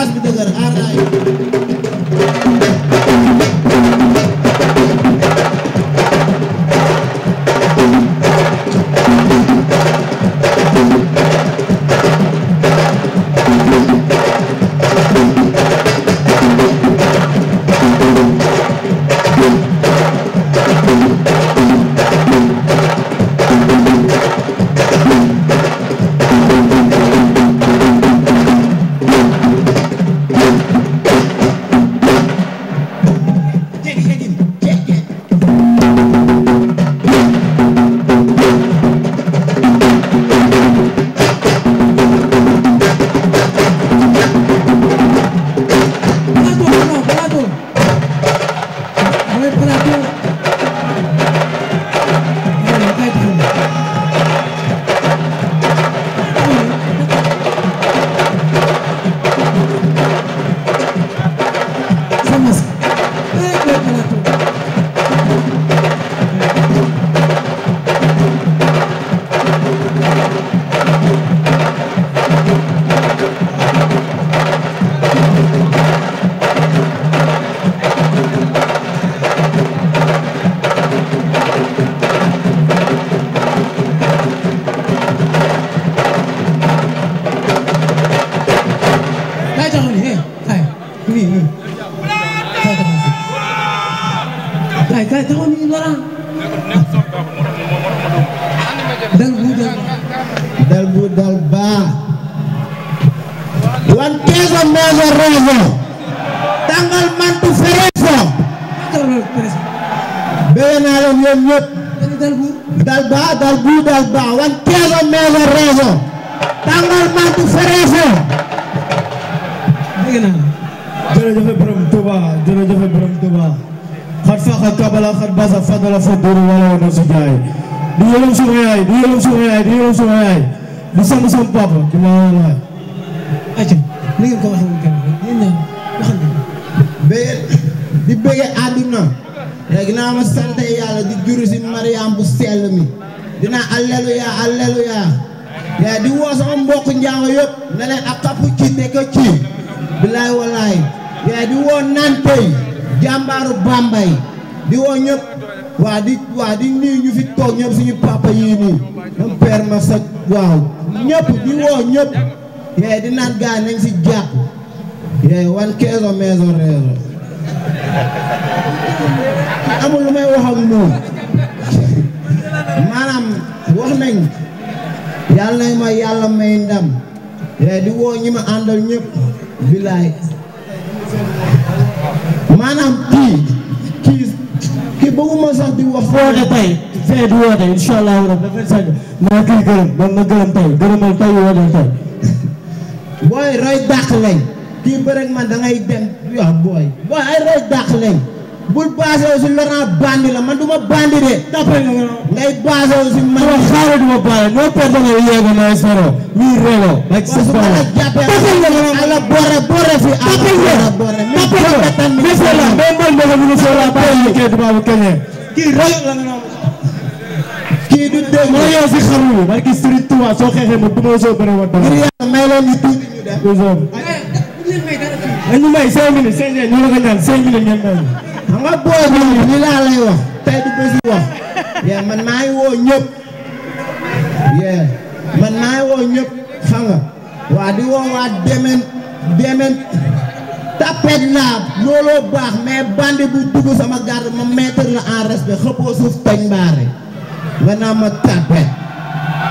place bi dëgër aar naa kay taxaw ñu dara. dal bu dal dal bu dal baax. wan keeso meeso reeso. tàngal mantu fereeso. bëgg naa leen yéen ñëpp. dal baax dal bu dal baax wan keeso meeso reeso. tàngal mantu fereeso. dégg naa. jërëjëf borom Touba jërëjëf faxa kabala xat basa fadala fa dóor wala na si jaay di yërëm suma yaay di yërëm suma yaay di sama papa di ma walaay acca ni ngeen ko waxee yàlla di juru si bu sell mi dina alleluya alleluya yaa di woo sama mbokk njaago yëpp ne leen ak kapp ci nekk ci bilaay walaay yaa di woo nantey jàmbaaru Bambay di woo ñëpp waa di waa di nuyu ñu fi toog ñëpp suñu papa yii nii ñoom père ma sa waaw ñëpp di woo ñëpp yee eh, di naan gars nañ si jàpp yee eh, wan keeso maison réseau amul lu may wax ak moom yàlla ma yàlla may ndam yee eh, di woo ñi ma àndal ñëpp bilaay maanaam kii kii kii bëgguma sax di wax. woote tey fee di woote incha allah rabi a sañ maa ngi gërëm man ma gërëm tey gërëmal tey woote tey. booy roy dàq kii bëreeg man da ngay dem booy booy ay roy dàq bul basé wu si Laurent bandi la man du ma bandi de. d'après nga ngay basé wu si man. non xaaral du ma bandi non personne yi yéego na soro ñuy réew. ak sa soxla waaw su ma la jàppee ala boore boore fi. ala boore boore kii du dégg moo yow si xaru bi barki Sëriñ Tuubaa soo xeexee ma du ma soo bëri wa dara. ngir yàlla may leen ñu tuuti ñu def. Eh, ñu may 5 minutes 5 minutes ñu la ko ñaan 5 minutes ngeen may xam nga booy boobu ñu laa lay wax tey du bési wax yee man maa ngi woo ñëpp yee man maa ngi woo ñëpp xam waa di woo waa demen demen tapet laa looloo baax mais bandi bu dugg sama garde ma mettre la en respect xëppoo suuf tañ mbaare nga naa ma tapet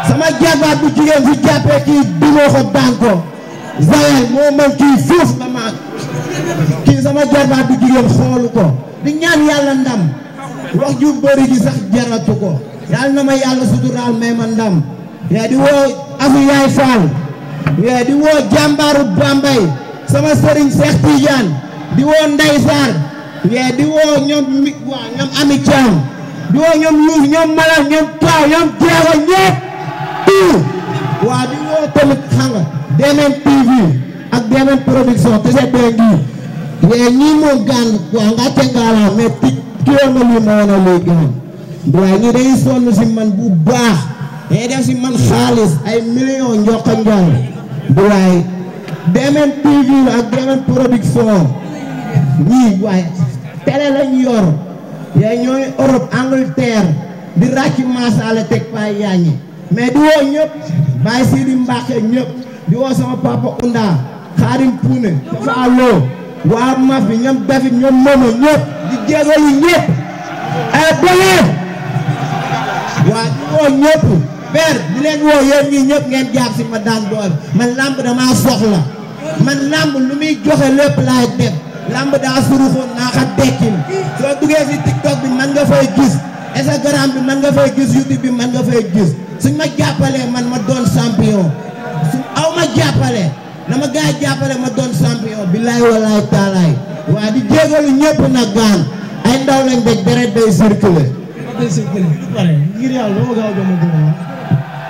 sama jarbaat bu jigéen fi jàppee kii dumoo ko daan ko Zayel moo mën kii fuuf la ma kii sama jarbaat bu jigéen xoolu ko di ñaan yàlla ndam wax ju bëri ji sax jaratu ko yàlla na ma yàlla suturaal may ndam yaa di woo asu faal yaa di woo jàmbaaru bambay sama sëriñ Seex Tijaan di woo Ndey Saar yaa di woo ñoom mi waa ñoom Ami Caam di woo ñoom Yuus ñoom Mala ñoom Taaw ñoom Jeego ñëpp tout waa di woo tamit xam nga DMN ak DMN production te see Wanyimo gan kuangate ngala me tikyo na limona legan. Duangi day sonu si man bu baax day def si man xaalis ay million njoko njal. Duay Demen TV ak Demen production ñii waaye télé lañ yor yaa ñooy Europe Angleterre di ràcc maasaale teg paa yaañi mais di woo ñëpp bàyyi si di mbaaxee ñëpp di woo sama papa Unda Xaarim Puune Fafa waa maaf bi ñoom David ñoom Momo ñëpp di ñu leen woo yéen ñii ñëpp ngeen jaar si ma daan doole man làmb damaa soxla man làmb lu muy joxe lépp laay def làmb daa suruxoon naa xa dekkil soo duggee si tiktok bi man nga fay gis Instagram bi man nga fay gis YouTube bi man nga fay gis suñ ma jàppalee man ma doon champion su aw ma jàppalee na ma gars yi ma doon champion billaay walaay taalaay waa di jégalu ñëpp nag gaan ay ndaw lañ daj deret day circulé. day a a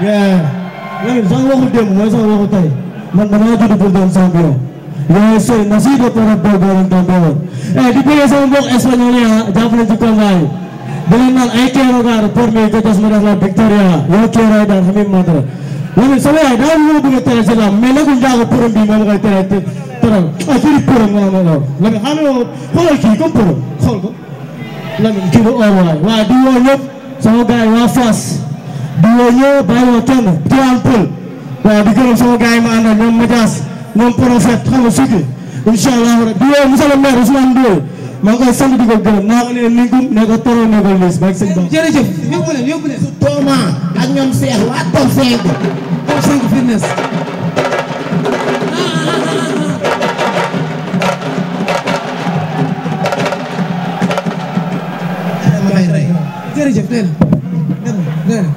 a. sax waxu démb mooy sax waxu tey man damaa judd pour doon champion. waaye sëñ na suy de par rapport boobu lañ doon doon. Eh, di bëggee sama mbokk espagnol yi ah jàppale ci combat yi. da leen naan ay keroog aar pour me jotos ma def la victoria ah. yow keroog daal xam nga wala sama yaay daa ma bëgg a tere si laam mais nekkul jaaga përëm bi moom ngay tere teral ah kii përëm nga ma lool la nga xam ne xoolal kii comme përëm xool ko la nga kii la oo waay waaye di woo ñëpp sama gars yi waa Fass di woo ñëpp bàyyi woo kenn Tiwaan Pël waaw di gërëm sama gars yi ma àndal ñoom Madias ñoom Prophète xam nga Sikki incha allah di woo monsieur le maire Ousmane Ndoye maa ngi koy sant di ko gërëm naa ko nee ningum nee ko toro nee ko liis baax sëñ Ba. jërëjëf yóbbu leen yóbbu leen. Tooma ak ñoom Cheikh waa Top 5. Top 5 fitness. jërëjëf nee na nee na nee na.